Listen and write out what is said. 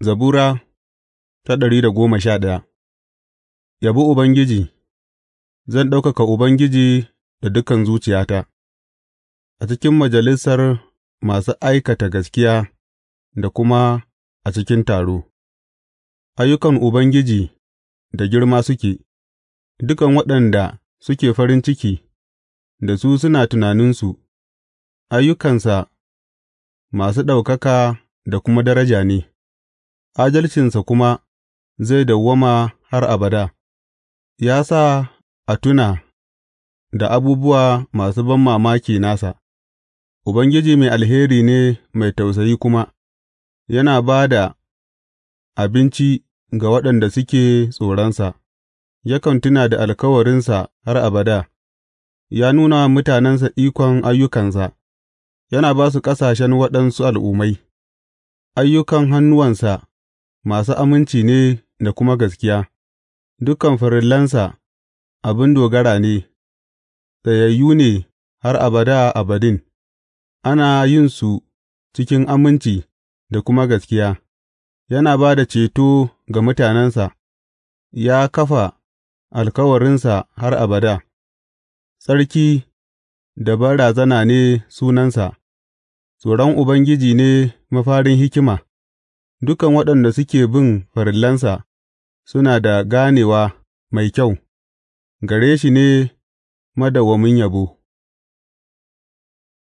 Zabura ta ɗari da goma sha ɗaya Yabi Ubangiji Zan ɗaukaka Ubangiji da dukan zuciyata, a cikin majalisar masu aikata gaskiya da kuma a cikin taro, ayyukan Ubangiji da girma suke, dukan waɗanda suke farin ciki da su suna tunaninsu, ayyukansa masu ɗaukaka da kuma daraja ne. adalcinsa kuma zai dawwama har abada; ya sa a tuna da abubuwa masu ban mamaki nasa, Ubangiji mai alheri ne mai tausayi kuma, yana ba da abinci ga waɗanda suke tsoronsa, yakan tuna da alkawarinsa har abada, ya nuna mutanensa ikon ayyukansa, yana ba su ƙasashen waɗansu al'ummai, ayyukan hannuwansa masu aminci ne da kuma gaskiya, dukan farillansa abin dogara ne, tsayayyu ne har abada abadin, ana yin su cikin aminci da kuma gaskiya, yana ba da ceto ga mutanensa, ya kafa alkawarinsa har abada, tsarki da barazana ne sunansa, tsoron Ubangiji ne mafarin hikima. dukan waɗanda suke bin farillansa suna da ganewa mai kyau; gare shi ne madawwamin yabo.